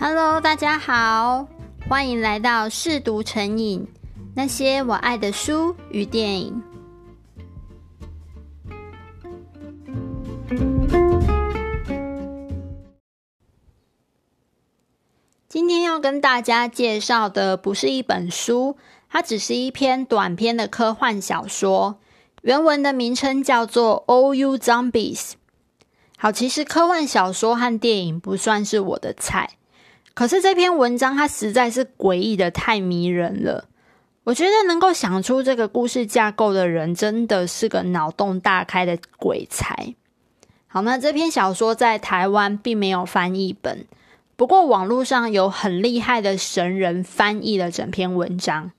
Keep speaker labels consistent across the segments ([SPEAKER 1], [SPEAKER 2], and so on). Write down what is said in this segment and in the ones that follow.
[SPEAKER 1] Hello，大家好，歡迎來到嗜讀沉影，那些我愛的書與電影。今天要跟大家介紹的不是一本書，它只是一篇短篇的科幻小說，原文的名稱叫做《All You Zombies》。好，其實科幻小說和電影不算是我的菜。可是這篇文章它實在是詭異得太迷人了，我覺得能夠想出這個故事架構的人真的是個腦洞大開的鬼才。好，那這篇小說在台灣並沒有翻譯本，不過網絡上有很厲害的神人翻譯了整篇文章。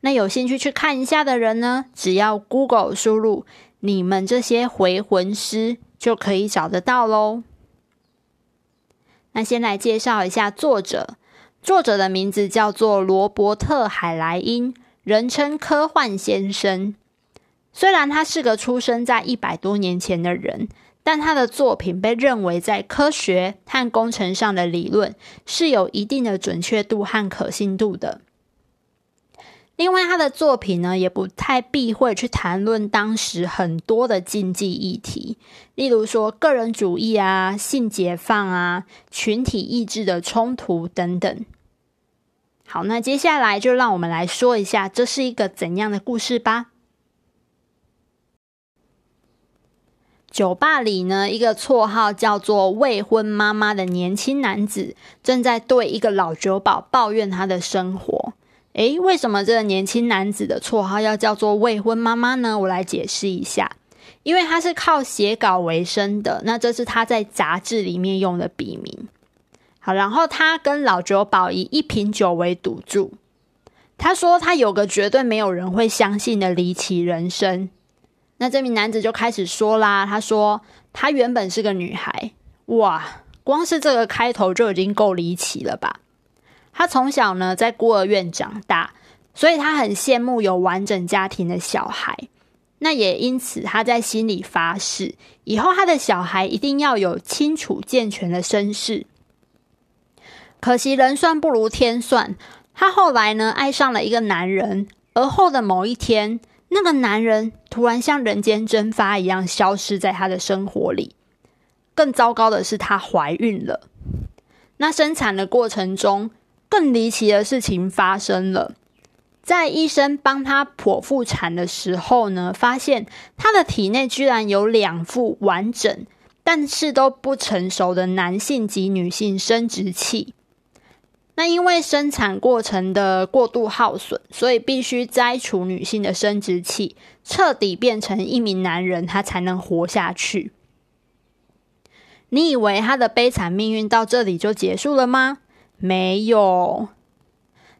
[SPEAKER 1] 那有興趣去看一下的人呢，只要 Google 輸入你們這些回魂屍就可以找得到嘍。那先來介紹一下作者，作者的名字叫做羅伯特·海萊因，人稱科幻先生。雖然他是個出生在一百多年前的人，但他的作品被認為在科學和工程上的理論是有一定的準確度和可信度的。另外，他的作品呢，也不太避諱去談論當時很多的禁忌議題，例如說個人主義啊、性解放啊、群體意志的衝突等等。好，那接下來就讓我們來說一下這是一個怎樣的故事吧。酒吧裡呢，一個綽號叫做“未婚媽媽”的年輕男子，正在對一個老酒保抱怨他的生活。誒，為什麼這個年輕男子的綽號要叫做“未婚媽媽”呢？我來解釋一下，因為他是靠寫稿為生的，那這是他在雜誌裡面用的筆名。好，然後他跟老酒保以一瓶酒為賭注，他說他有個絕對沒有人會相信的離奇人生。那這名男子就開始說啦，他說他原本是個女孩，哇，光是這個開頭就已經夠離奇了吧。他從小呢在孤兒院長大，所以他很羨慕有完整家庭的小孩。那也因此他在心裡發誓，以後他的小孩一定要有清楚健全的身世。可惜人算不如天算，他後來呢愛上了一個男人，而後的某一天，那個男人突然像人間蒸發一樣消失在他的生活裡。更糟糕的是，她懷孕了。那生產的過程中，更離奇的事情發生了，在醫生幫他剖腹產的時候呢，發現他的體內居然有兩副完整但是都不成熟的男性及女性生殖器。那因為生產過程的過度耗損，所以必須摘除女性的生殖器，徹底變成一名男人，他才能活下去。你以為他的悲慘命運到這裡就結束了嗎？沒有。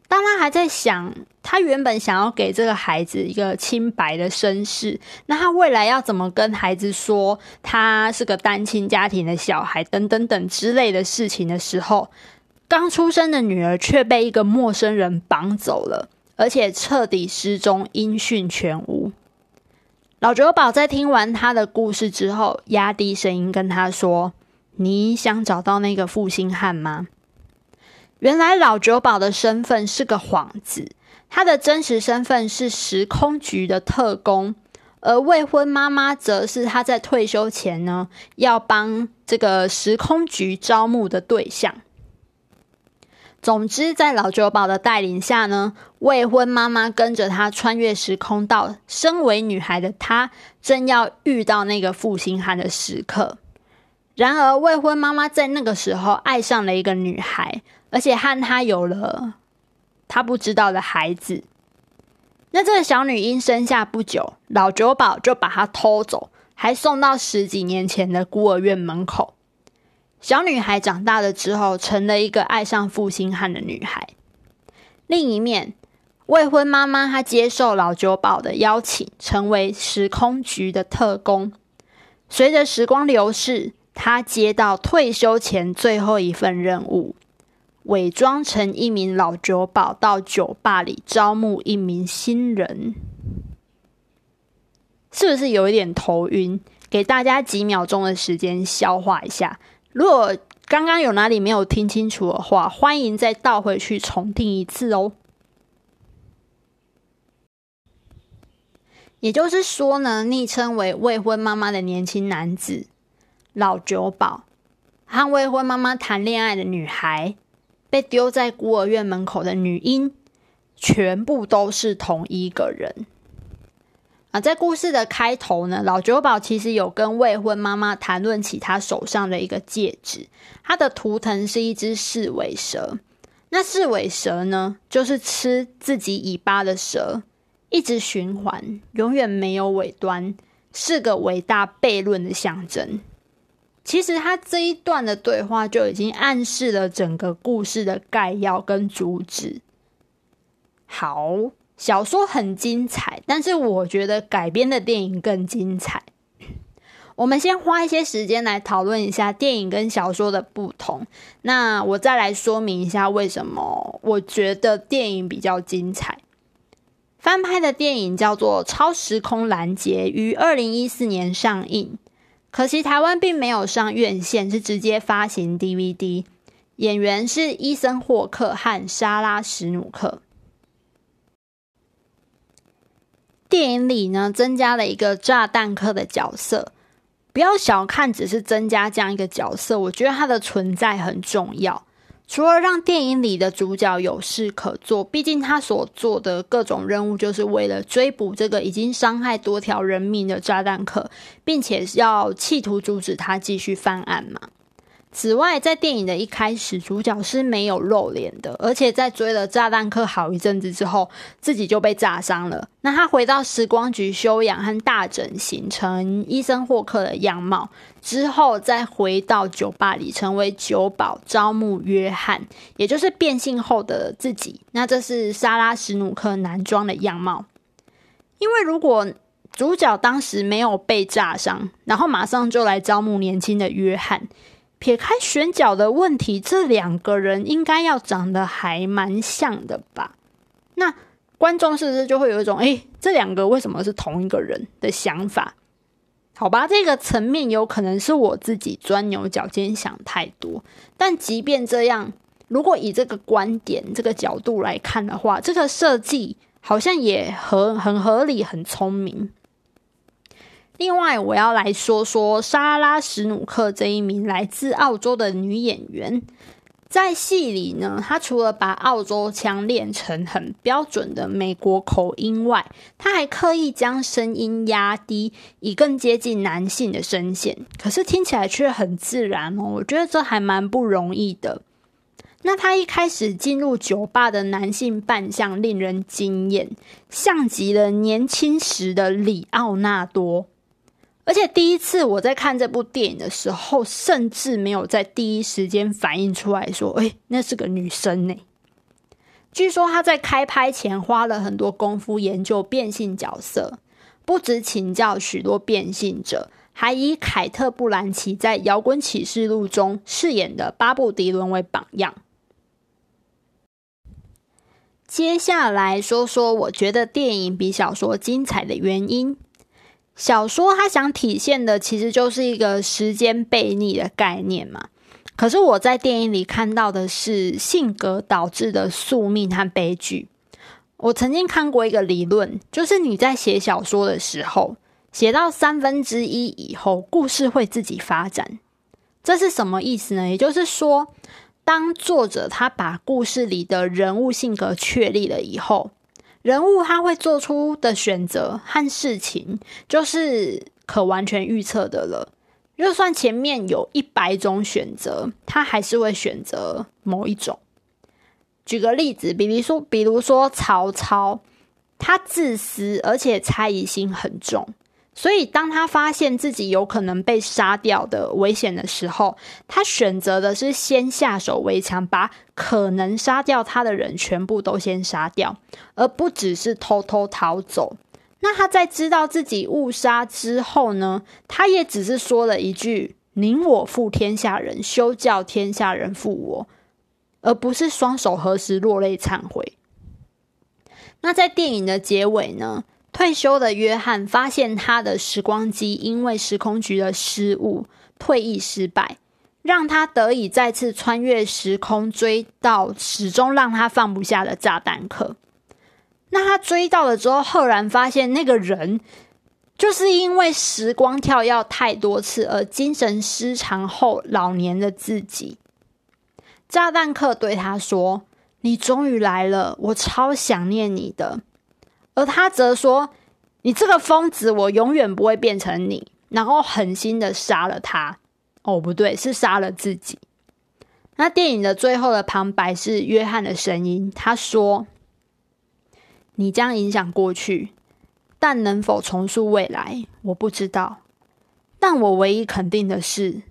[SPEAKER 1] 當他還在想，他原本想要給這個孩子一個清白的身世，那他未來要怎麼跟孩子說他是個單親家庭的小孩等等等之類的事情的時候，剛出生的女兒卻被一個陌生人綁走了，而且徹底失蹤，音訊全無。老酒保在聽完他的故事之後，壓低聲音跟他說：“你想找到那個負心漢嗎？”原來老酒保的身份是個幌子，他的真實身份是時空局的特工，而未婚媽媽則是他在退休前呢要幫這個時空局招募的對象。總之，在老酒保的帶領下呢，未婚媽媽跟着他穿越時空，到身為女孩的她正要遇到那個負心漢的時刻。然而，未婚媽媽在那個時候愛上了一個女孩，而且和她有了她不知道的孩子。那這個小女嬰生下不久，老酒保就把她偷走，還送到十幾年前的孤兒院門口。小女孩長大了之後，成了一個愛上負心漢的女孩。另一面，未婚媽媽她接受老酒保的邀請，成為時空局的特工。隨着時光流逝。他接到退休前最後一份任務，偽裝成一名老酒保到酒吧裡招募一名新人，是不是有一點頭暈？給大家幾秒鐘的時間消化一下。如果剛剛有哪裡沒有聽清楚的話，歡迎再倒回去重聽一次哦。也就是說呢，昵稱為“未婚媽媽”的年輕男子。老酒保和未婚媽媽談戀愛的女孩，被丟在孤兒院門口的女嬰，全部都是同一個人啊！在故事的開頭呢，老酒保其實有跟未婚媽媽談論起他手上的一個戒指，他的圖騰是一隻四尾蛇。那四尾蛇呢，就是吃自己尾巴的蛇，一直循環，永遠沒有尾端，是個偉大悖論的象徵。其實他這一段的對話就已經暗示了整個故事的概要跟主旨。好，小說很精彩，但是我覺得改編的電影更精彩。我們先花一些時間來討論一下電影跟小說的不同。那我再來說明一下為什麼我覺得電影比較精彩。翻拍的電影叫做《超時空攔截》，於二零一四年上映。可惜台灣並沒有上院線，是直接發行 DVD。演員是伊森霍克和莎拉史努克。電影裡呢，增加了一個炸彈客的角色。不要小看，只是增加這樣一個角色，我覺得它的存在很重要。除了讓電影裡的主角有事可做，畢竟他所做的各種任務就是為了追捕這個已經傷害多條人命的炸彈客，並且要企圖阻止他繼續犯案嘛。此外，在電影的一開始，主角是沒有露臉的。而且，在追了炸彈客好一陣子之後，自己就被炸傷了。那他回到時光局休養和大整形成醫生霍克的樣貌之後，再回到酒吧裡成為酒保，招募約翰，也就是變性後的自己。那這是莎拉史努克男裝的樣貌。因為如果主角當時沒有被炸傷，然後馬上就來招募年輕的約翰。撇開選角的問題，這兩個人應該要長得還蠻像的吧？那觀眾是不是就會有一種，誒、欸，這兩個為什麼是同一個人的想法？好吧，這個層面有可能是我自己鑽牛角尖想太多。但即便這樣，如果以這個觀點、這個角度來看的話，這個設計好像也合很合理、很聰明。另外，我要來說說莎拉·史努克這一名來自澳洲的女演員，在戲裡呢，她除了把澳洲腔練成很標準的美國口音外，她還刻意將聲音壓低，以更接近男性的聲線，可是聽起來卻很自然哦。我覺得這還蠻不容易的。那她一開始進入酒吧的男性扮相令人驚豔，像極了年輕時的李奧納多。而且第一次我在看這部電影的時候，甚至沒有在第一時間反映出來說：“誒，那是個女生呢。”據說她在開拍前花了很多功夫研究變性角色，不止請教許多變性者，還以凱特·布蘭奇在《搖滾啟示錄》中飾演的巴布迪倫為榜樣。接下來說說我覺得電影比小說精彩的原因。小說它想體現的其實就是一個時間悖逆的概念嘛。可是我在電影裡看到的是性格導致的宿命和悲劇。我曾經看過一個理論，就是你在寫小說的時候，寫到三分之一以後，故事會自己發展。這是什麼意思呢？也就是說，當作者他把故事裡的人物性格確立了以後，人物他會做出的選擇和事情，就是可完全預測的了。就算前面有一百種選擇，他還是會選擇某一種。舉個例子，比如說，比如說曹操，他自私，而且猜疑心很重。所以，當他發現自己有可能被殺掉的危險的時候，他選擇的是先下手為強，把可能殺掉他的人全部都先殺掉，而不只是偷偷逃走。那他在知道自己誤殺之後呢？他也只是說了一句：“寧我負天下人，休教天下人負我”，而不是雙手合十落淚懺悔。那在電影的結尾呢？退休的約翰發現他的時光機因為時空局的失誤退役失敗，讓他得以再次穿越時空追到始終讓他放不下的炸彈客。那他追到了之後，赫然發現那個人就是因為時光跳躍太多次而精神失常後老年的自己。炸彈客對他說：“你終於來了，我超想念你的。”而他則說：“你這個瘋子，我永遠不會變成你。”然後狠心的殺了他。哦，不對，是殺了自己。那電影的最後的旁白是約翰的聲音，他說：“你將影響過去，但能否重塑未來，我不知道。但我唯一肯定的是，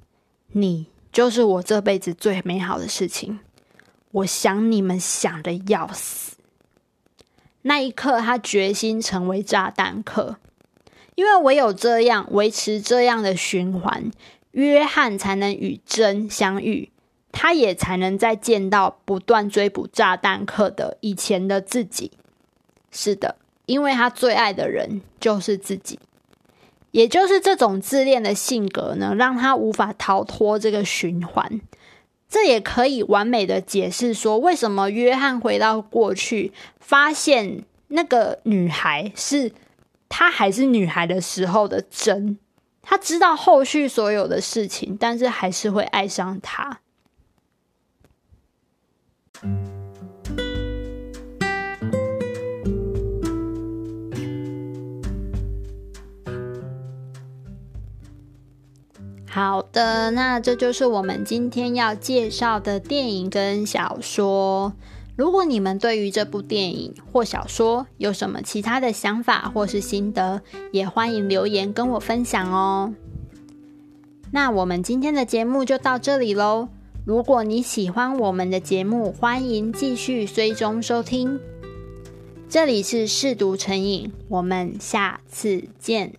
[SPEAKER 1] 你就是我這輩子最美好的事情。我想你們想的要死。”那一刻，他決心成為炸彈客，因為唯有這樣維持這樣的循環，約翰才能與珍相遇，他也才能再見到不斷追捕炸彈客的以前的自己。是的，因為他最愛的人就是自己，也就是這種自戀的性格呢，讓他無法逃脫這個循環。這也可以完美的解釋說，為什麼約翰回到過去，發現那個女孩是她還是女孩的時候的真，他知道後續所有的事情，但是還是會愛上她。好的，那這就是我們今天要介紹的電影跟小說。如果你們對於這部電影或小說有什麼其他的想法或是心得，也歡迎留言跟我分享哦。那我們今天的節目就到這裡嘍。如果你喜歡我們的節目，歡迎繼續追蹤收聽。這裡是嗜讀沉影，我們下次見。